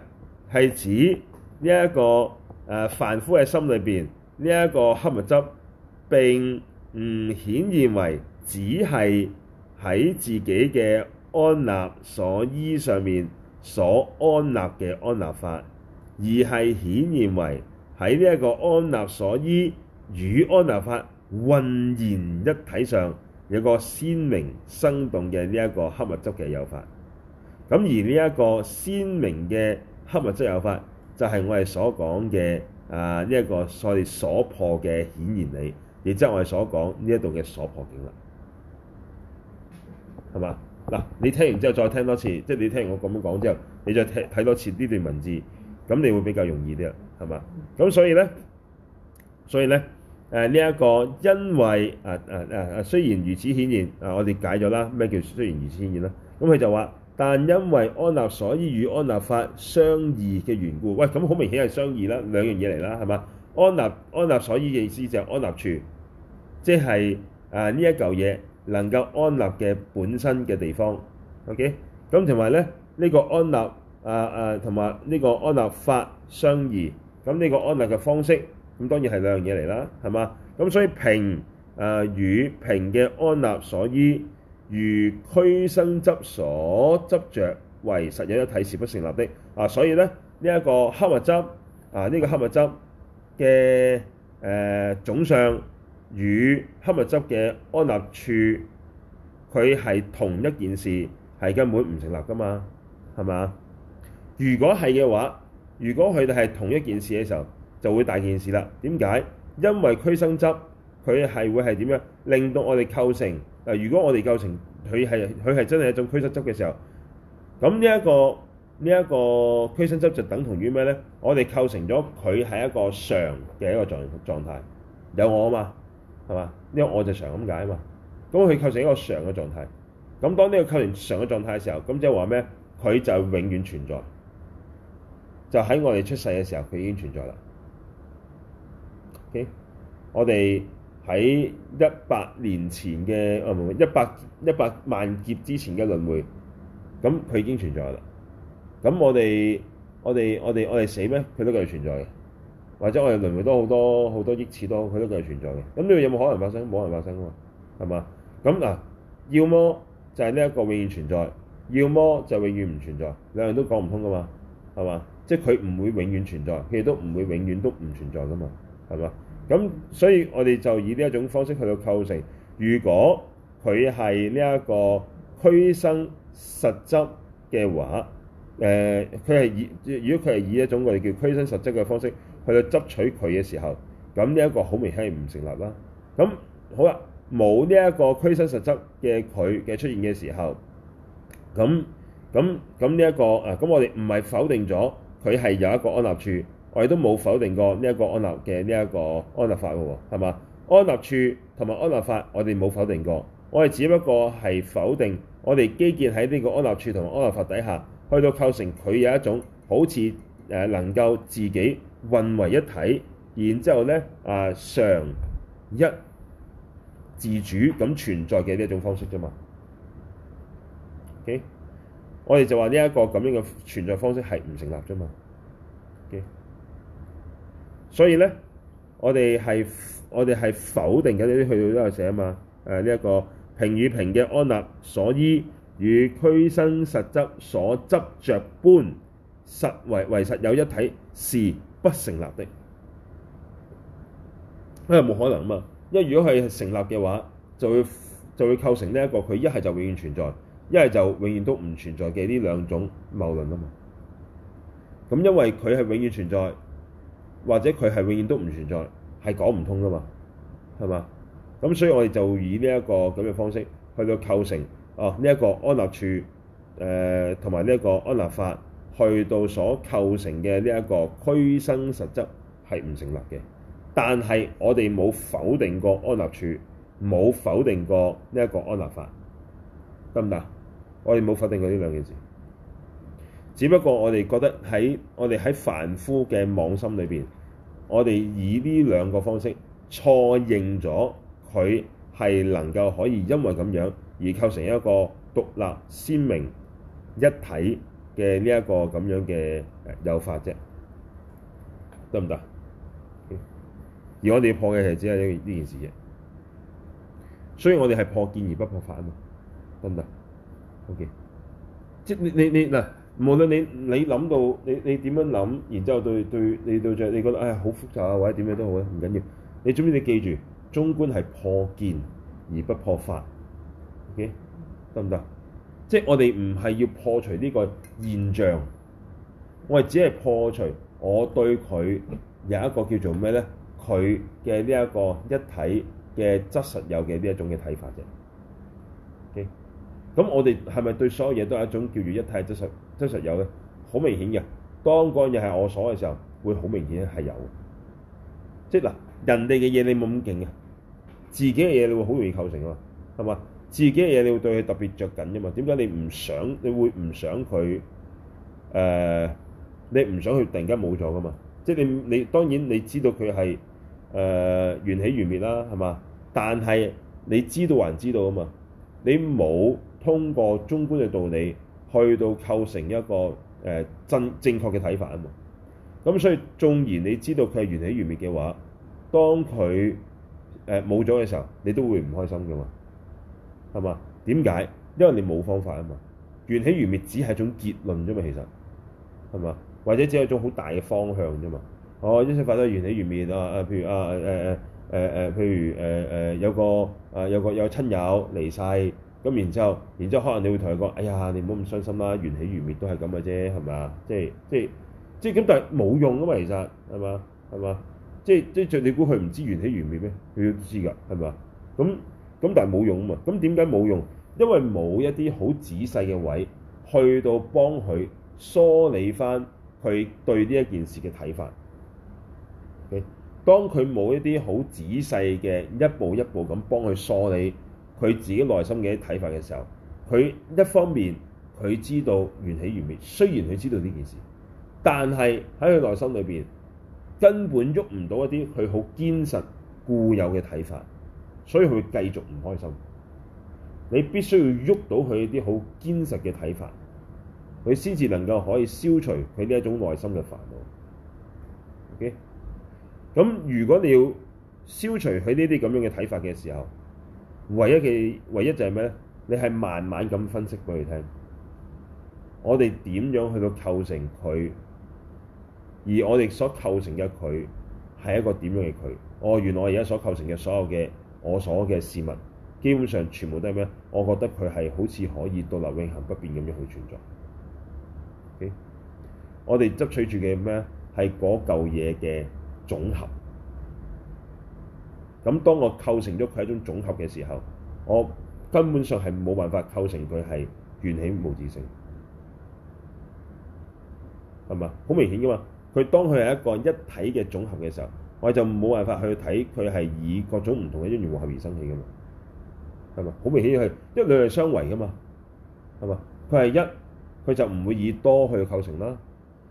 係指呢一個誒凡夫嘅心裏邊呢一個黑物質，並唔顯現為只係喺自己嘅。安立所依上面所安立嘅安立法，而係顯現為喺呢一個安立所依與安立法渾然一體上，有個鮮明生動嘅呢一個黑物質嘅有法。咁而呢一個鮮明嘅黑物質有法，就係、是、我哋所講嘅啊呢一、這個所謂所破嘅顯現理，亦即係我哋所講呢一度嘅所破境啦，係嘛？嗱，你聽完之後再聽多次，即係你聽完我咁樣講之後，你再睇睇多次呢段文字，咁你會比較容易啲，係嘛？咁所以咧，所以咧，誒呢一個因為誒誒誒誒雖然如此顯現，啊我哋解咗啦，咩叫雖然如此顯現啦？咁佢就話，但因為安立所依與安立法相異嘅緣故，喂，咁好明顯係相異啦，兩樣嘢嚟啦，係嘛？安立安立所依嘅意思就係安立處，即係啊呢一嚿嘢。能夠安立嘅本身嘅地方，OK，咁同埋咧呢個安立啊啊，同埋呢個安立法相異，咁呢個安立嘅方式，咁當然係兩樣嘢嚟啦，係嘛？咁所以瓶啊與瓶嘅安立所依，如俱生執所執著為實有一體是不成立的啊！所以咧呢一個黑物質啊，呢個黑物質嘅誒總相。與黑蜜汁嘅安立處，佢係同一件事，係根本唔成立噶嘛？係嘛？如果係嘅話，如果佢哋係同一件事嘅時候，就會大件事啦。點解？因為俱生執佢係會係點樣令到我哋構成嗱？如果我哋構成佢係佢係真係一種俱生執嘅時候，咁呢一個呢一個俱生執就等同於咩呢？我哋構成咗佢係一個常嘅一個狀狀態，有我啊嘛？係嘛？因為我就常咁解啊嘛。咁佢構成一個常嘅狀態。咁當呢個構成常嘅狀態嘅時候，咁即係話咩？佢就永遠存在。就喺我哋出世嘅時候，佢已經存在啦。Okay? 我哋喺一百年前嘅啊唔好一百一百萬劫之前嘅輪迴，咁佢已經存在啦。咁我哋我哋我哋我哋死咩？佢都繼續存在嘅。或者我哋輪迴多好多好多億次多，佢都繼續存在嘅。咁呢個有冇可能發生？冇可能發生啊嘛，係嘛？咁嗱，要麼就係呢一個永遠存在，要麼就永遠唔存在，兩樣都講唔通噶嘛，係嘛？即係佢唔會永遠存在，佢亦都唔會永遠都唔存在噶嘛，係嘛？咁所以我哋就以呢一種方式去到構成。如果佢係呢一個俱生實執嘅話，誒、呃，佢係以如果佢係以一種我哋叫俱生實執嘅方式。去到執取佢嘅時候，咁呢一個好明顯唔成立啦。咁好啦，冇呢一個規則實質嘅佢嘅出現嘅時候，咁咁咁呢一個啊，咁我哋唔係否定咗佢係有一個安立處，我哋都冇否定過呢一個安立嘅呢一個安立法喎，係嘛？安立處同埋安立法，我哋冇否定過，我哋只不過係否定我哋基建喺呢個安立處同安立法底下去到構成佢有一種好似誒能夠自己混為一體，然之後咧，啊，常一自主咁存在嘅呢一種方式啫嘛。Okay? 我哋就話呢一個咁樣嘅存在方式係唔成立啫嘛。Okay？所以咧，我哋係我哋係否定緊呢啲去到呢度寫啊嘛。誒呢一個瓶與瓶嘅安立所依與俱生實執所執着般實為為實有一體是不成立的，因為冇可能啊嘛！因為如果係成立嘅話，就會就會構成呢一個佢一係就永遠存在，一係就永遠都唔存在嘅呢兩種謬論啊嘛！咁因為佢係永遠存在，或者佢係永遠都唔存在，係講唔通噶嘛，係嘛？咁所以我哋就以呢一個咁嘅方式去到構成哦呢一個安立處誒同埋呢一個安立法。去到所構成嘅呢一個區生實質係唔成立嘅，但係我哋冇否定過安立處，冇否定過呢一個安立法，得唔得？我哋冇否定過呢兩件事，只不過我哋覺得喺我哋喺凡夫嘅妄心裏邊，我哋以呢兩個方式錯認咗佢係能夠可以因為咁樣而構成一個獨立鮮明一體。嘅呢一個咁樣嘅誒有法啫，得唔得？Okay. 而我哋要破嘅就只係呢呢件事啫，所以我哋係破見而不破法啊嘛，得唔得？OK，即係你你你嗱，無論你你諗到你你點樣諗，然之後對對你對著你覺得唉好複雜啊，或者點樣都好咧，唔緊要。你總之你記住，中觀係破見而不破法，OK，得唔得？行即係我哋唔係要破除呢個現象，我哋只係破除我對佢有一個叫做咩咧？佢嘅呢一個一體嘅質實有嘅呢一種嘅睇法啫。咁、okay? 我哋係咪對所有嘢都係一種叫做一體質實質實有咧？好明顯嘅，當嗰樣嘢係我所嘅時候，會好明顯係有。即係嗱，人哋嘅嘢你冇咁勁呀，自己嘅嘢你會好容易構成喎，係嘛？自己嘅嘢，你會對佢特別着緊㗎嘛？點解你唔想？你會唔想佢？誒、呃，你唔想佢，突然間冇咗㗎嘛？即係你你當然你知道佢係誒緣起緣滅啦，係嘛？但係你知道還知道啊嘛？你冇通過中觀嘅道理去到構成一個誒、呃、真正確嘅睇法啊嘛？咁所以縱然你知道佢係緣起緣滅嘅話，當佢誒冇咗嘅時候，你都會唔開心㗎嘛？係嘛？點解？因為你冇方法啊嘛。緣起緣滅只係一種結論啫嘛，其實係嘛？或者只係一種好大嘅方向啫嘛。哦，一切法都緣起緣滅啊！啊，譬如啊，誒誒誒誒，譬如誒誒、呃呃呃，有個啊，有個有個親友離世咁，然之後，然之後，然之後可能你會同佢講，哎呀，你唔好咁傷心啦，緣起緣滅都係咁嘅啫，係咪啊？即係即係即係咁，但係冇用㗎嘛，其實係嘛係嘛？即係即係，你估佢唔知緣起緣滅咩？佢都知㗎，係咪啊？咁咁但係冇用啊嘛！咁點解冇用？因為冇一啲好仔細嘅位去到幫佢梳理翻，佢對呢一件事嘅睇法。Okay? 當佢冇一啲好仔細嘅一步一步咁幫佢梳理佢自己內心嘅睇法嘅時候，佢一方面佢知道緣起緣滅，雖然佢知道呢件事，但係喺佢內心裏邊根本喐唔到一啲佢好堅實固有嘅睇法。所以佢會繼續唔開心。你必須要喐到佢一啲好堅實嘅睇法，佢先至能夠可以消除佢呢一種內心嘅煩惱。OK，咁如果你要消除佢呢啲咁樣嘅睇法嘅時候唯，唯一嘅唯一就係咩咧？你係慢慢咁分析俾佢聽，我哋點樣去到構成佢，而我哋所構成嘅佢係一個點樣嘅佢？我、哦、原來我而家所構成嘅所有嘅。我所嘅事物，基本上全部都係咩？我覺得佢係好似可以到立永恆不變咁樣去存在。Okay? 我哋執取住嘅咩？係嗰嚿嘢嘅總合。咁當我構成咗佢係一種總合嘅時候，我根本上係冇辦法構成佢係緣起無自性。係嘛？好明顯噶嘛？佢當佢係一個一體嘅總合嘅時候。我就冇辦法去睇佢，係以各種唔同嘅因緣和合而生起噶嘛，係嘛？好明顯係，因為佢係相違噶嘛，係嘛？佢係一，佢就唔會以多去構成啦。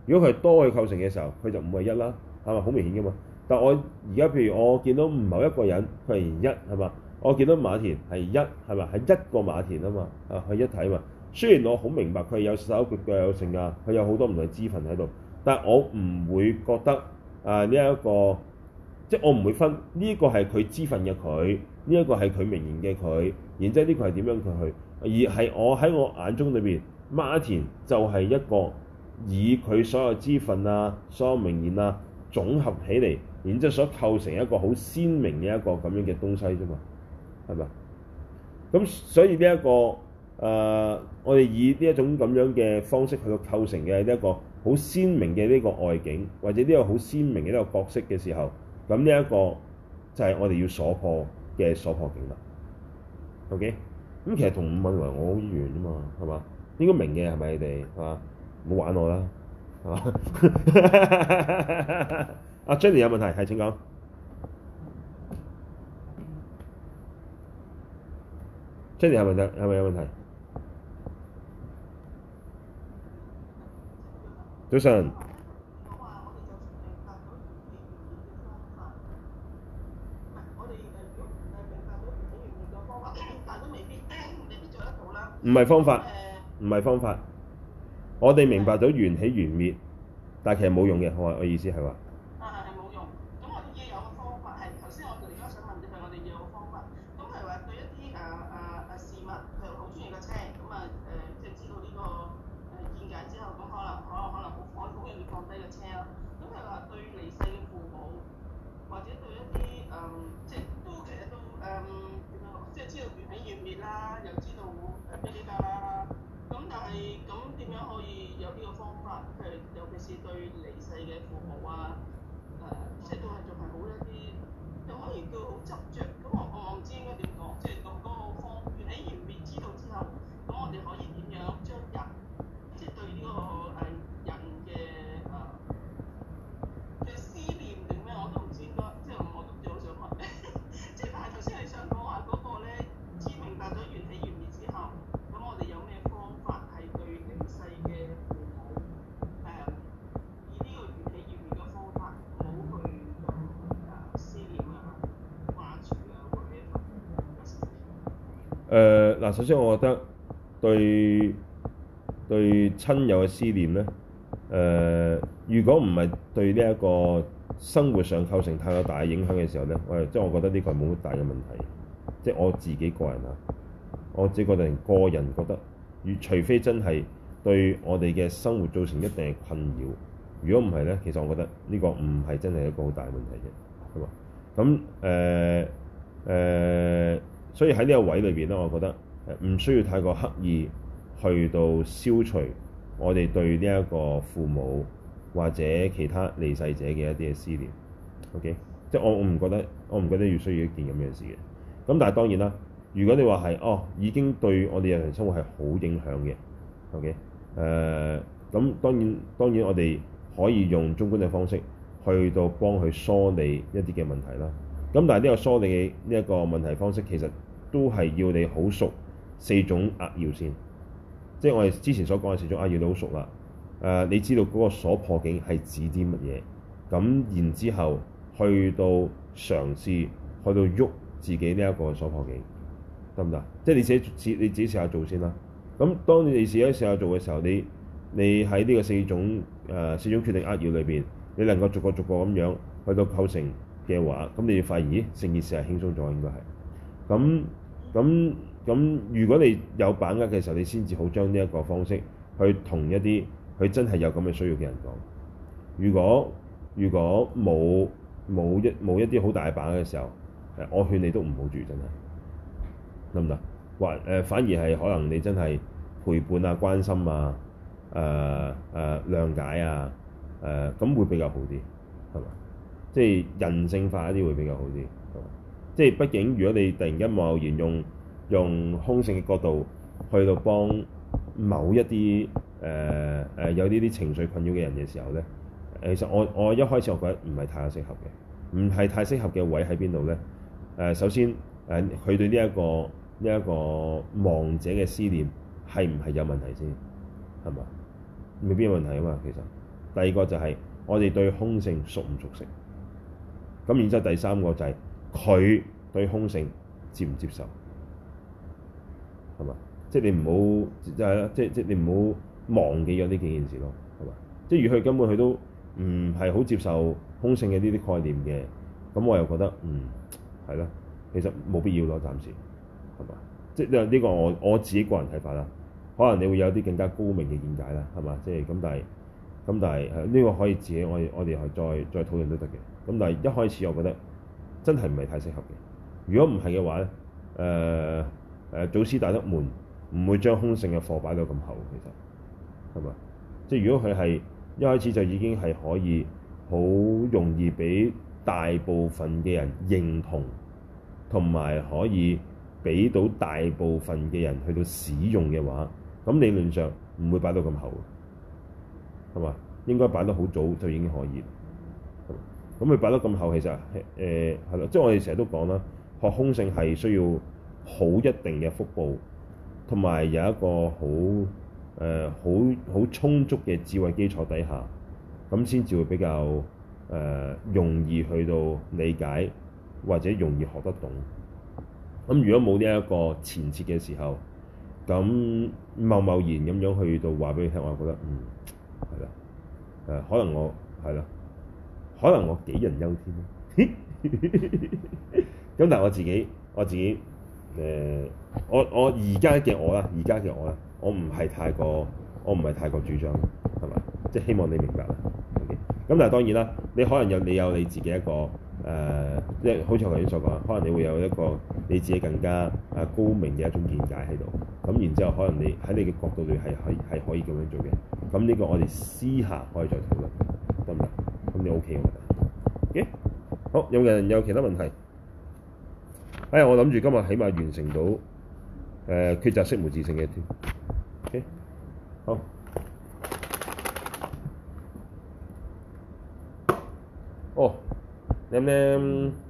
如果佢係多去構成嘅時候，佢就唔係一啦，係嘛？好明顯噶嘛。但係我而家譬如我見到唔某一個人，佢係一係嘛？我見到馬田係一係嘛？係一個馬田啊嘛，啊係一體嘛。雖然我好明白佢係有手腳有、佢腳有剩噶，佢有好多唔同嘅支分喺度，但我唔會覺得啊呢一個。即我唔會分呢一、這個係佢支分嘅佢，呢、這、一個係佢名言嘅佢。然之後呢個係點樣佢去？而係我喺我眼中裏面，馬田就係一個以佢所有支分啊、所有名言啊總合起嚟，然之後所構成一個好鮮明嘅一個咁樣嘅東西啫嘛，係咪？咁所以呢、這、一個誒、呃，我哋以呢一種咁樣嘅方式去到構成嘅呢一個好鮮明嘅呢個外景，或者呢個好鮮明嘅呢個角色嘅時候。咁呢一個就係我哋要所破嘅所破境嘞，OK？咁其實同五萬為我好遠啊嘛，係嘛？應該明嘅係咪你哋？係嘛？唔好玩我啦，係嘛？阿、 oh, Jenny 有問題係請講，Jenny 有問題係咪有問題？ 早晨。唔係方法，唔係方法。我哋明白咗緣起緣滅，但其實冇用嘅。我我意思係話。首先，我覺得對對親友嘅思念咧，誒、呃，如果唔係對呢一個生活上構成太過大嘅影響嘅時候咧，喂，即係我覺得呢個係冇乜大嘅問題。即係我自己個人啊，我自己個人個人覺得，與除非真係對我哋嘅生活造成一定嘅困擾，如果唔係咧，其實我覺得呢個唔係真係一個好大問題嘅，係嘛？咁誒誒，所以喺呢個位裏邊咧，我覺得。唔需要太過刻意去到消除我哋對呢一個父母或者其他離世者嘅一啲嘅思念。OK，即係我我唔覺得我唔覺得要需要一件咁樣嘅事嘅。咁但係當然啦，如果你話係哦已經對我哋日常生活係好影響嘅。OK，誒、呃、咁當然當然我哋可以用中觀嘅方式去到幫佢梳理一啲嘅問題啦。咁但係呢個梳理呢一個問題方式其實都係要你好熟。四種扼要先，即係我哋之前所講嘅四種扼要，你好熟啦。誒，你知道嗰個所破境係指啲乜嘢？咁然之後去到嘗試，去到喐自己呢一個所破境，得唔得？即係你自己自己你自己試下做先啦。咁當你試一試下做嘅時候，你你喺呢個四種誒、呃、四種決定扼要裏邊，你能夠逐個逐個咁樣去到構成嘅話，咁你要發現，成件事係輕鬆咗，應該係咁咁。咁如果你有把握嘅時候，你先至好將呢一個方式去同一啲佢真係有咁嘅需要嘅人講。如果如果冇冇一冇一啲好大把握嘅時候，我勸你都唔好住，真係得唔得？或誒反而係可能你真係陪伴啊、關心啊、誒、呃、誒、呃、諒解啊、誒、呃、咁會比較好啲，係嘛？即係人性化一啲會比較好啲，係嘛？即係畢竟如果你突然間貿然用。用空性嘅角度去到幫某一啲誒誒有呢啲情緒困擾嘅人嘅時候咧、呃，其實我我一開始我覺得唔係太適合嘅，唔係太適合嘅位喺邊度咧？誒、呃、首先誒佢、呃、對呢、這、一個呢一、這個亡者嘅思念係唔係有問題先？係嘛？未必有問題啊嘛，其實第二個就係、是、我哋對空性熟唔熟悉？咁然之後第三個就係、是、佢對空性接唔接受？係嘛？即係你唔好就係啦，即係即係你唔好忘記咗呢幾件事咯，係嘛？即係如果佢根本佢都唔係好接受空性嘅呢啲概念嘅，咁我又覺得嗯係啦，其實冇必要咯，暫時係嘛？即係呢個我我自己個人睇法啦，可能你會有啲更加高明嘅見解啦，係嘛？即係咁，但係咁但係呢個可以自己我我哋係再再討論都得嘅。咁但係一開始我覺得真係唔係太適合嘅。如果唔係嘅話咧，誒、呃。誒，祖師大德們唔會將空性嘅貨擺到咁厚，其實，係嘛？即係如果佢係一開始就已經係可以好容易俾大部分嘅人認同，同埋可以俾到大部分嘅人去到使用嘅話，咁理論上唔會擺到咁厚，係嘛？應該擺得好早就已經可以。咁佢擺得咁厚，其實係，誒係啦，即係我哋成日都講啦，學空性係需要好一定嘅福報，同埋有一個好誒好好充足嘅智慧基礎底下，咁先至會比較誒、呃、容易去到理解，或者容易學得懂。咁如果冇呢一個前設嘅時候，咁貿貿然咁樣去到話俾你聽，我就覺得嗯係啦，誒可能我係啦，可能我杞人憂天啦。咁 但係我自己，我自己。誒、uh，我我而家嘅我啦，而家嘅我啦，我唔係太過，我唔係太過主張，係嘛，即係希望你明白啦。咁、okay? 但係當然啦，你可能有你有你自己一個誒，即、呃、係好似我頭先所講，可能你會有一個你自己更加誒高明嘅一種見解喺度。咁然之後，可能你喺你嘅角度裏係係係可以咁樣做嘅。咁呢個我哋私下可以再討論得唔得？咁你 OK 㗎？咦、okay？好，有冇人有其他問題？哎呀！我諗住今日起碼完成到，誒抉擇色無自性嘅添。O K，好。哦，你唔唔？